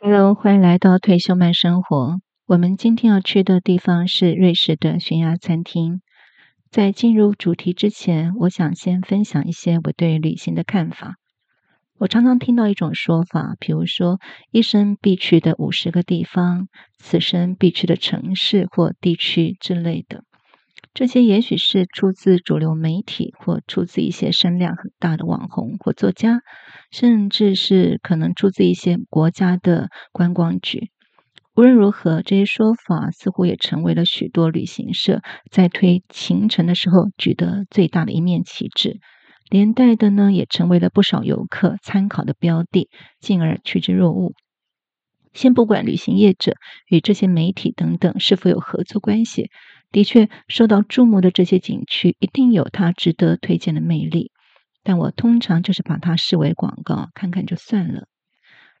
哈嘍，歡迎來到退休慢生活。我們今天要去的地方是瑞士的懸崖餐廳。在進入主題之前，我想先分享一些我對旅行的看法。我常常聽到一種說法，比如說一生必去的五十個地方、此生必去的城市或地區之類的。這些也許是出自主流媒體，或出自一些聲量很大的網紅或作家，甚至是可能出自一些國家的觀光局。無論如何，這些說法似乎也成為了許多旅行社在推行程的時候舉得最大的一面旗幟，連帶的呢，也成為了不少遊客參考的標的，進而趨之若鶩。先不管旅行業者與這些媒體等等是否有合作關係。的確，受到注目的這些景區一定有它值得推薦的魅力，但我通常就是把它視為廣告，看看就算了。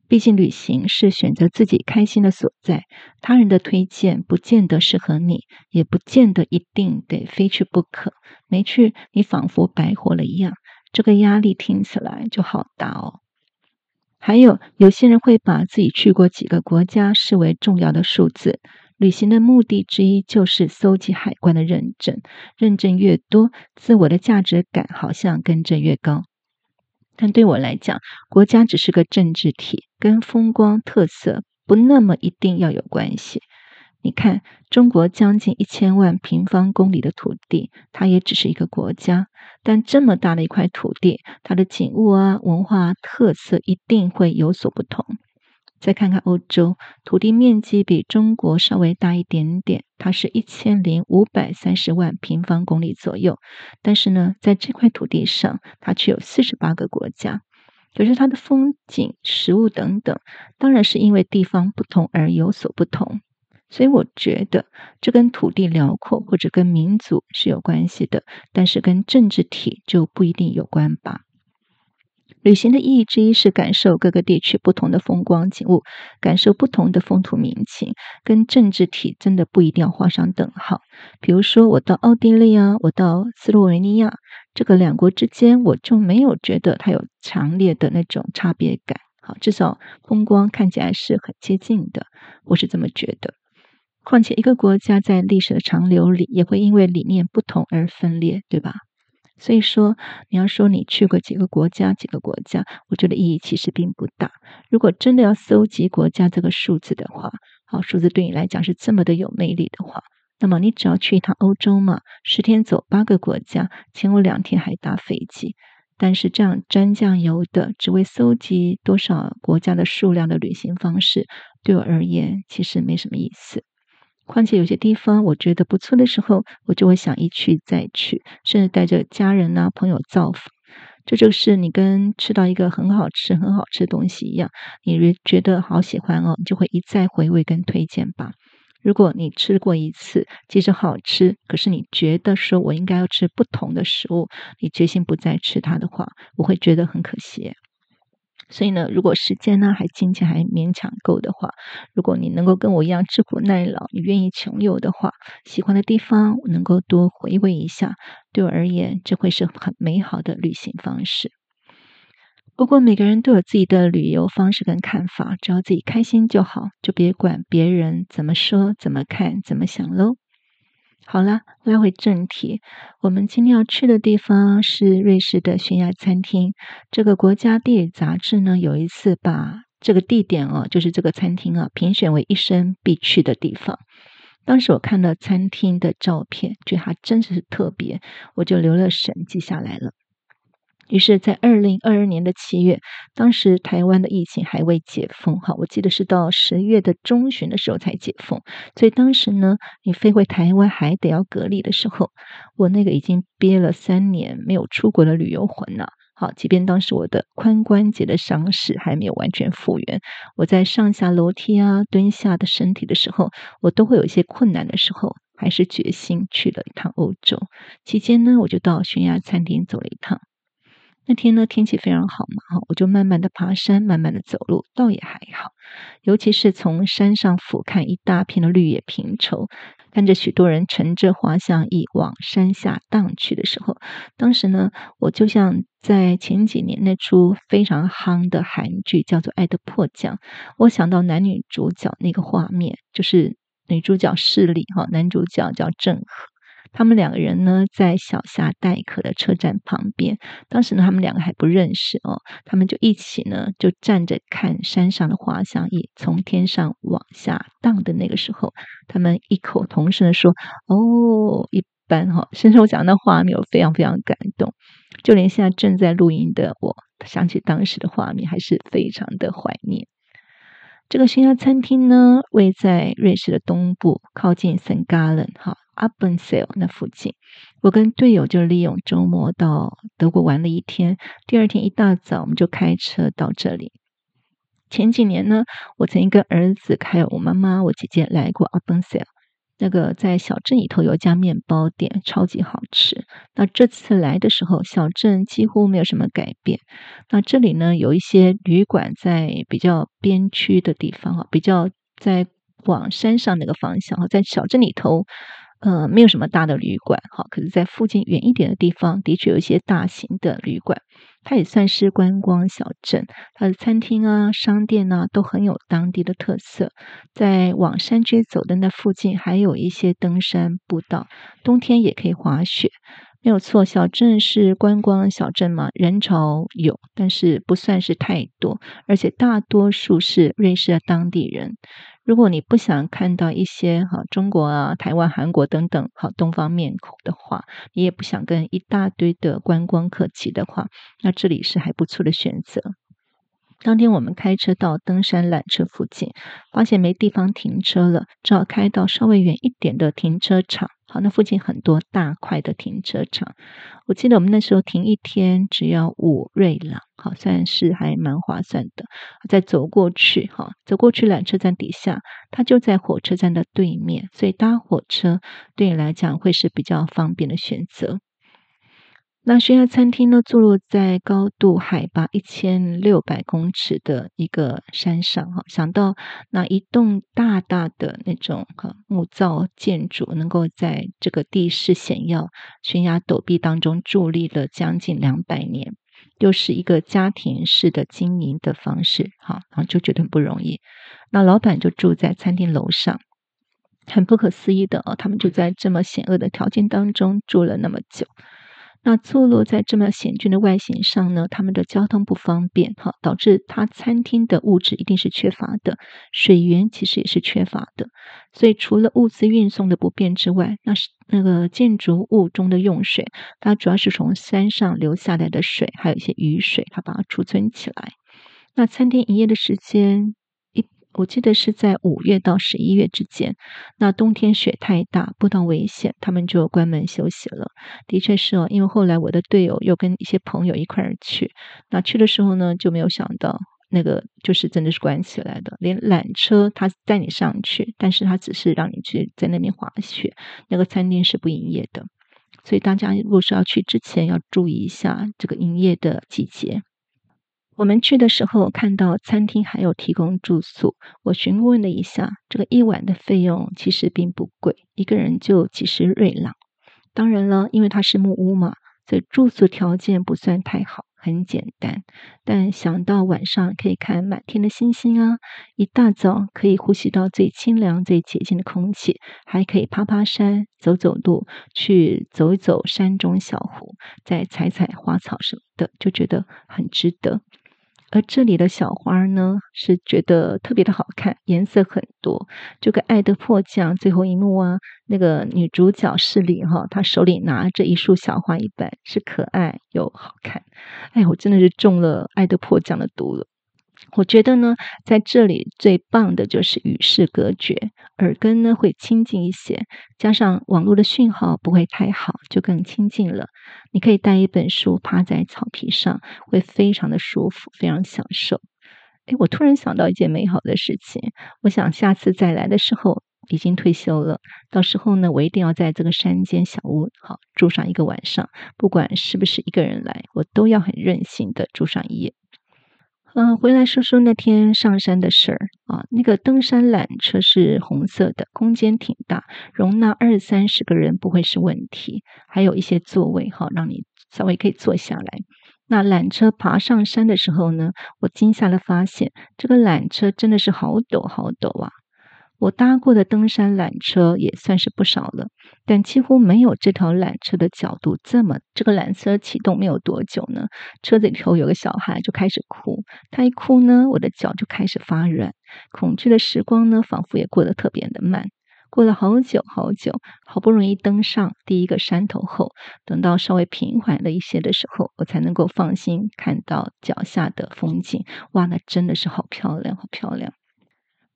畢竟旅行是選擇自己開心的所在，他人的推薦不見得適合你，也不見得一定得非去不可。沒去，你仿佛白活了一樣，這個壓力聽起來就好大哦。還有，有些人會把自己去過幾個國家視為重要的數字。旅行的目的之一就是蒐集海關的認證，認證越多，自我的價值感好像跟着越高。但對我來講，國家只是個政治體，跟風光特色不那麼一定要有關係。你看，中國將近一千萬平方公里的土地，它也只是一個國家，但這麼大的一塊土地，它的景物啊、文化啊、特色一定會有所不同。再看看歐洲，土地面積比中國稍微大一點點，它是一千零五百三十萬平方公里左右。但是呢，在這塊土地上，它卻有四十八個國家。可、就是它的風景、食物等等，當然是因為地方不同而有所不同。所以我覺得，這跟土地遼闊或者跟民族是有關係的，但是跟政治體就不一定有關吧。旅行的意義之一，是感受各個地區不同的風光景物，感受不同的風土民情，跟政治體真的不一定要畫上等號。比如說，我到奧地利啊，我到斯洛維尼亞，這個兩國之間，我就沒有覺得它有強烈的那種差別感。好，至少風光看起來是很接近的，我是這麼覺得。況且，一個國家在歷史的長流裡，也會因為理念不同而分裂，對吧？所以說，你要說你去過幾個國家，幾個國家，我覺得意義其實並不大。如果真的要搜集國家這個數字的話，好，數字對你來講是這麼的有魅力的話，那麼你只要去一趟歐洲嘛，十天走八個國家，前後兩天還搭飛機。但是這樣沾醬油的，只為搜集多少國家的數量的旅行方式，對我而言其實沒什麼意思。況且有些地方我覺得不錯的時候，我就會想一去再去，甚至帶着家人吶、啊、朋友造訪。這就是你跟吃到一個很好吃、很好吃的東西一樣，你覺得好喜歡哦，你就會一再回味跟推薦吧。如果你吃過一次，即使好吃，可是你覺得說我應該要吃不同的食物，你決心不再吃它的話，我會覺得很可惜。所以呢，如果時間呢，還金錢還勉強夠的話，如果你能夠跟我一樣吃苦耐勞，你願意窮遊的話，喜歡的地方我能夠多回味一下，對我而言，這會是很美好的旅行方式。不過每個人都有自己的旅遊方式跟看法，只要自己開心就好，就別管別人怎麼說、怎麼看、怎麼想嘍。好了，拉回正題。我們今天要去的地方是瑞士的懸崖餐廳。這個國家地理雜誌呢，有一次把這個地點哦、啊，就是這個餐廳啊，評選為一生必去的地方。當時我看到餐廳的照片，覺得還真是特別，我就留了神，記下來了。於是，在二零二二年的七月，當時台灣的疫情還未解封，哈，我記得是到十月的中旬的時候才解封。所以當時呢，你飛回台灣還得要隔離的時候，我那個已經憋了三年沒有出國的旅遊魂了，好，即便當時我的髖關節的傷勢還沒有完全復原，我在上下樓梯啊、蹲下的身體的時候，我都會有一些困難的時候，還是決心去了一趟歐洲。期間呢，我就到懸崖餐廳走了一趟。那天呢，天氣非常好嘛，哈，我就慢慢的爬山，慢慢的走路，倒也還好。尤其是從山上俯瞰一大片的綠野平疇，看着許多人乘着滑翔翼往山下蕩去的時候，當時呢，我就像在前幾年那出非常夯的韓劇叫做《愛的迫降》，我想到男女主角那個畫面，就是女主角世理哈，男主角叫正赫。他們兩個人呢，在小夏待客的車站旁邊。當時呢，他們兩個還不認識哦。他們就一起呢，就站着看山上的滑翔翼從天上往下盪的那個時候，他們異口同聲的說：“哦，一般哈。”哦，先生，我講那畫面，我非常非常感動。就連現在正在錄音的我，哦，想起當時的畫面，還是非常的懷念。這個懸崖餐廳呢，位在瑞士的東部，靠近聖加崙哈。Appenzell 那附近，我跟隊友就利用周末到德國玩了一天。第二天一大早，我們就開車到這裡。前幾年呢，我曾經跟兒子還有我媽媽、我姐姐來過 Appenzell。那個在小鎮裡頭有家麵包店，超級好吃。那這次來的時候，小鎮幾乎沒有什麼改變。那這裡呢，有一些旅館在比較邊區的地方，比較在往山上那個方向，在小鎮裡頭。呃，沒有什麼大的旅館，好，可是在附近遠一點的地方，的確有一些大型的旅館。它也算是觀光小鎮，它的餐廳啊、商店呢、啊，都很有當地的特色。在往山區走的那附近，還有一些登山步道，冬天也可以滑雪。沒有錯，小鎮是觀光小鎮嘛，人潮有，但是不算是太多，而且大多數是瑞士的當地人。如果你不想看到一些哈、啊、中國啊、台灣、韓國等等哈、啊、東方面孔的話，你也不想跟一大堆的觀光客擠的話，那這裡是還不錯的選擇。當天我們開車到登山纜車附近，發現沒地方停車了，只好開到稍微遠一點的停車場。好，那附近很多大塊的停車場，我記得我們那時候停一天只要五瑞郎，好，算是還蠻划算的。再走過去，哈，走過去纜車站底下，它就在火車站的對面，所以搭火車對你來講會是比較方便的選擇。那懸崖餐廳呢，坐落在高度海拔一千六百公尺的一個山上哈。想到那一棟大大的那種哈木造建築，能夠在這個地勢險要、懸崖陡壁當中佇立了將近兩百年，又是一個家庭式的經營的方式，哈，然後就覺得很不容易。那老闆就住在餐廳樓上，很不可思議的哦，他們就在這麼險惡的條件當中住了那麼久。那坐落在這麼險峻的外形上呢，他們的交通不方便，哈，導致他餐廳的物質一定是缺乏的，水源其實也是缺乏的，所以除了物資運送的不便之外，那是那個建築物中的用水，它主要是從山上流下來的水，還有一些雨水，它把它儲存起來。那餐廳營業的時間，我記得是在五月到十一月之間，那冬天雪太大，不到危險，他們就關門休息了。的確是哦、啊，因為後來我的隊友又跟一些朋友一塊兒去，那去的時候呢，就沒有想到那個就是真的是關起來的，連纜車他帶你上去，但是他只是讓你去在那邊滑雪，那個餐廳是不營業的。所以大家如果是要去之前，要注意一下這個營業的季節。我們去的時候看到餐廳還有提供住宿，我詢問了一下，這個一晚的費用其實並不貴，一個人就幾十瑞郎。當然了，因為它是木屋嘛，所以住宿條件不算太好，很簡單。但想到晚上可以看滿天的星星啊，一大早可以呼吸到最清涼、最潔淨的空氣，還可以爬爬山、走走路，去走一走山中小湖，再採採花草什麼的，就覺得很值得。而這裡的小花呢，是覺得特別的好看，顏色很多，就跟《愛的迫降》最後一幕啊，那個女主角世理哈，她手裡拿着一束小花一般，是可愛又好看。哎呦，我真的是中了《愛的迫降》的毒了。我覺得呢，在這裡最棒的就是與世隔絕，耳根呢會清靜一些，加上網絡的訊號不會太好，就更清靜了。你可以帶一本書，趴在草皮上，會非常的舒服，非常享受。哎，我突然想到一件美好的事情，我想下次再來的時候已經退休了，到時候呢，我一定要在這個山間小屋，好，住上一個晚上，不管是不是一個人來，我都要很任性的住上一夜。嗯，回來說說那天上山的事兒啊。那個登山纜車是紅色的，空間挺大，容納二三十個人不會是問題。還有一些座位，好、哦、讓你稍微可以坐下來。那纜車爬上山的時候呢，我驚嚇了，發現這個纜車真的是好陡，好陡啊！我搭過的登山纜車也算是不少了，但幾乎沒有這條纜車的角度這麼。這個纜車啟動沒有多久呢，車子裡頭有個小孩就開始哭。他一哭呢，我的腳就開始發軟。恐懼的時光呢，仿佛也過得特別的慢。過了好久好久，好不容易登上第一個山頭後，等到稍微平緩了一些的時候，我才能夠放心看到腳下的風景。哇，那真的是好漂亮，好漂亮！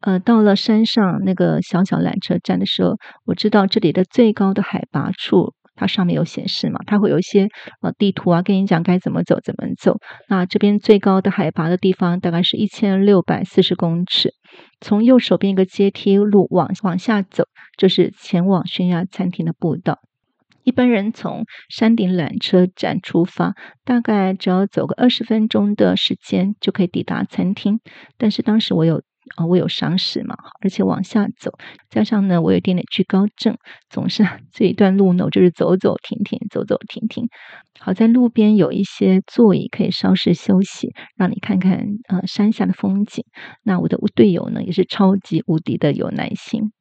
呃，到了山上那個小小纜車站的時候，我知道這裡的最高的海拔處，它上面有顯示嘛，它會有一些呃地圖啊，跟你講該怎麼走，怎麼走。那這邊最高的海拔的地方大概是一千六百四十公尺。從右手邊一個階梯路往往下走，就是前往懸崖餐廳的步道。一般人從山頂纜車站出發，大概只要走個二十分鐘的時間就可以抵達餐廳。但是當時我有。啊、哦，我有傷勢嘛，而且往下走，加上呢，我有點點懼高症，總是這一段路呢，我就是走走停停，走走停停。好在路邊有一些座椅可以稍事休息，讓你看看呃山下的風景。那我的隊友呢，也是超級無敵的有耐心。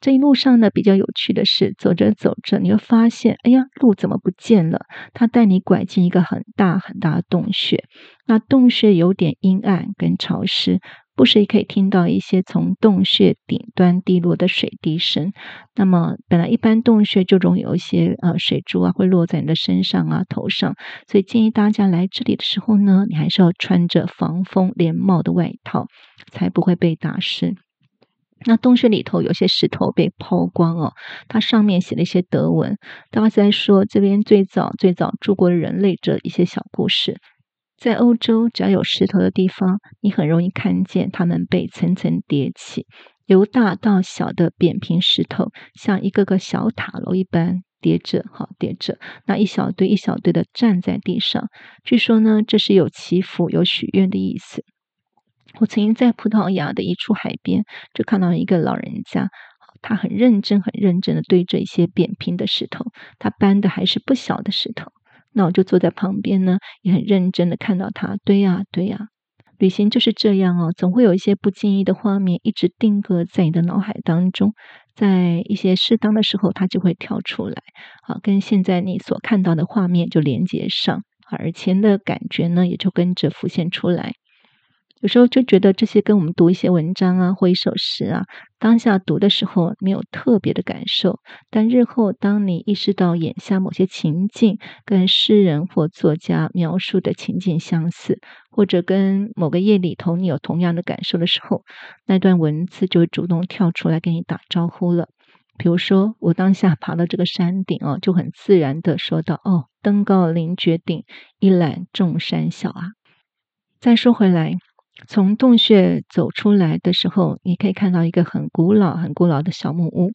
這一路上呢，比較有趣的是，走着走着，你會發現，哎呀，路怎麼不見了？他帶你拐進一個很大很大的洞穴，那洞穴有點陰暗跟潮濕。不時也可以聽到一些從洞穴頂端滴落的水滴聲。那麼，本來一般洞穴就容易有一些呃水珠啊，會落在你的身上啊、頭上。所以建議大家來這裡的時候呢，你還是要穿着防風連帽的外套，才不會被打濕。那洞穴裡頭有些石頭被拋光哦，它上面寫了一些德文，大家在說這邊最早最早住過人類這一些小故事。在歐洲，只要有石頭的地方，你很容易看見它們被層層疊起，由大到小的扁平石頭，像一個個小塔樓一般疊着，哈疊着，那一小堆一小堆的站在地上。據說呢，這是有祈福、有許願的意思。我曾經在葡萄牙的一處海邊，就看到一個老人家，他很認真、很認真地堆着一些扁平的石頭，他搬的還是不小的石頭。那我就坐在旁邊呢，也很認真的看到他。對呀、啊，對呀、啊，旅行就是這樣哦，總會有一些不經意的畫面一直定格在你的腦海當中，在一些適當的時候，它就會跳出來，啊，跟現在你所看到的畫面就連接上，而且的感覺呢，也就跟着浮現出來。有時候就覺得這些跟我們讀一些文章啊，或一首詩啊，當下讀的時候沒有特別的感受。但日後當你意識到眼下某些情境跟詩人或作家描述的情境相似，或者跟某個夜裡頭你有同樣的感受的時候，那段文字就會主動跳出來跟你打招呼了。比如說，我當下爬到這個山頂哦、啊，就很自然地說道：“哦，登高臨絕頂，一覽眾山小啊。”再說回來。從洞穴走出來的時候，你可以看到一個很古老、很古老的小木屋。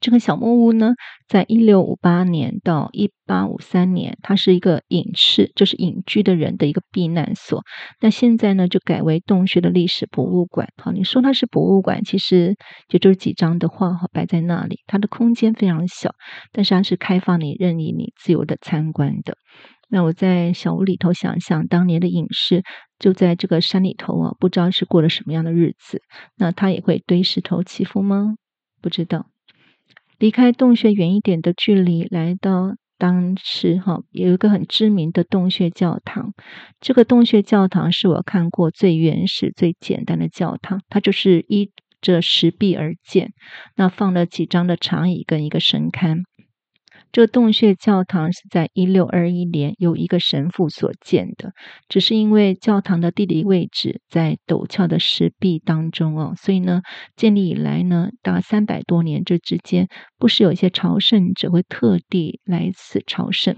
這個小木屋呢，在一六五八年到一八五三年，它是一個隱士，就是隱居的人的一個避難所。那現在呢，就改為洞穴的歷史博物館。好，你說它是博物館，其實也就是幾張的畫擺在那裡。它的空間非常小，但是它是開放你、任意你自由的參觀的。那我在小屋裡頭想象，當年的隱士就在這個山裡頭啊，不知道是過了什麼樣的日子。那他也會堆石頭祈福嗎？不知道。離開洞穴遠一點的距離，來到當時哈，有一個很知名的洞穴教堂。這個洞穴教堂是我看過最原始、最簡單的教堂，它就是依着石壁而建。那放了幾張的長椅跟一個神龕。這洞穴教堂是在一六二一年由一個神父所建的，只是因為教堂的地理位置在陡峭的石壁當中哦，所以呢，建立以來呢，到三百多年這之間，不時有一些朝聖者會特地來此朝聖。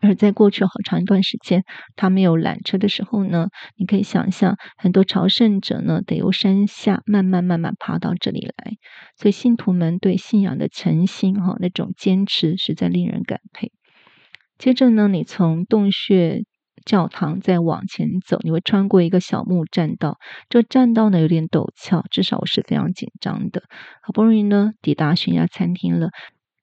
而在過去好長一段時間，他沒有纜車的時候呢，你可以想象，很多朝聖者呢得由山下慢慢慢慢爬到這裡來，所以信徒們對信仰的誠心哈，那種堅持實在令人感佩。接着呢，你從洞穴教堂再往前走，你會穿過一個小木棧道，這棧道呢有點陡峭，至少我是非常緊張的，好不容易呢抵達懸崖餐廳了。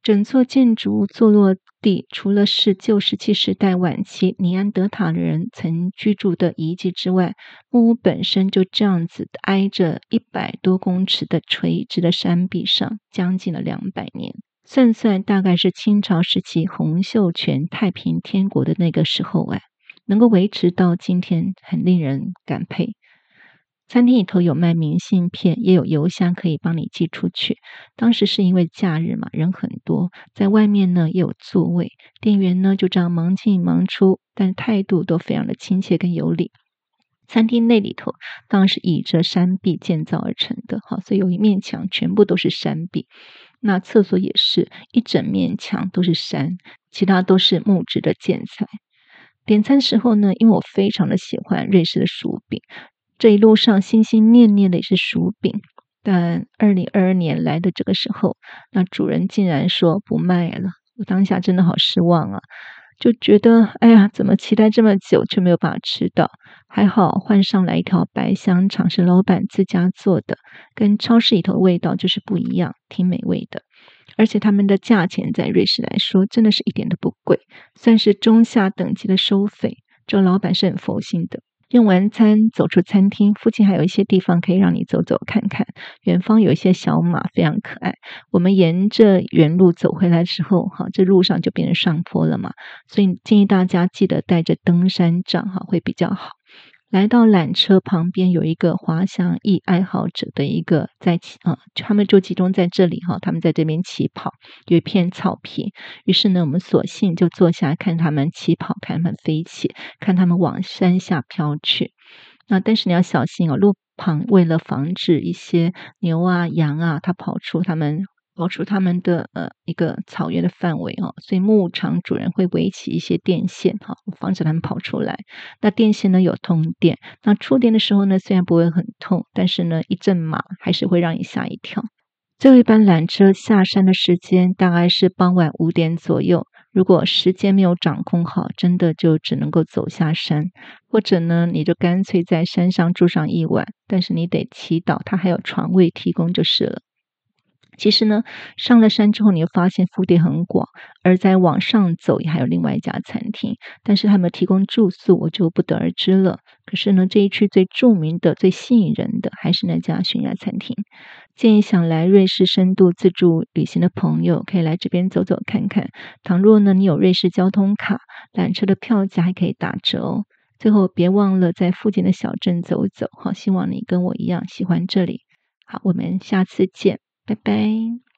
整座建築物坐落地，除了是舊石器時代晚期尼安德塔的人曾居住的遺跡之外，木屋本身就這樣子挨着一百多公尺的垂直的山壁上，將近了兩百年。算算大概是清朝時期洪秀全太平天國的那個時候外、啊，能夠維持到今天，很令人感佩。餐廳裡頭有賣明信片，也有郵箱可以幫你寄出去。當時是因為假日嘛，人很多，在外面呢也有座位，店員呢就這樣忙進忙出，但態度都非常的親切跟有禮。餐廳內裡頭當時倚着山壁建造而成的，好，所以有一面牆全部都是山壁。那廁所也是一整面牆都是山，其他都是木質的建材。點餐時候呢，因為我非常的喜歡瑞士的薯餅。這一路上心心念念的也是薯餅，但二零二二年來的這個時候，那主人竟然說不賣了。我當下真的好失望啊，就覺得哎呀，怎麼期待這麼久卻沒有辦法吃到？還好換上來一條白香腸，廠是老闆自家做的，跟超市裡頭味道就是不一樣，挺美味的。而且他們的價錢在瑞士來說，真的是一點都不貴，算是中下等級的收費。這老闆是很佛心的。用完餐，走出餐廳，附近還有一些地方可以讓你走走看看。遠方有一些小馬，非常可愛。我們沿着原路走回來的時候，哈，這路上就變成上坡了嘛，所以建議大家記得帶着登山杖，哈，會比較好。來到纜車旁邊，有一個滑翔翼愛好者的一個在起啊、嗯，他們就集中在這裡哈，他們在這邊起跑，有一片草坪。於是呢，我們索性就坐下來看他們起跑，看他們飛起，看他們往山下飄去。那但是你要小心哦，路旁為了防止一些牛啊、羊啊，它跑出他們。跑出他們的呃一個草原的範圍哦，所以牧場主人會圍起一些電線哈，哦，防止他們跑出來。那電線呢有通電，那觸電的時候呢，雖然不會很痛，但是呢一陣麻還是會讓你嚇一跳。最後一班纜車下山的時間大概是傍晚五點左右，如果時間沒有掌控好，真的就只能夠走下山，或者呢你就乾脆在山上住上一晚，但是你得祈禱他還有床位提供就是了。其實呢，上了山之後，你會發現腹地很廣，而再往上走，也還有另外一家餐廳，但是他們提供住宿，我就不得而知了。可是呢，這一區最著名的、最吸引人的還是那家懸崖餐廳。建議想來瑞士深度自助旅行的朋友，可以來這邊走走看看。倘若呢，你有瑞士交通卡，纜車的票價還可以打折哦。最後，別忘了在附近的小鎮走走，好，希望你跟我一樣喜歡這裡。好，我們下次見。拜拜。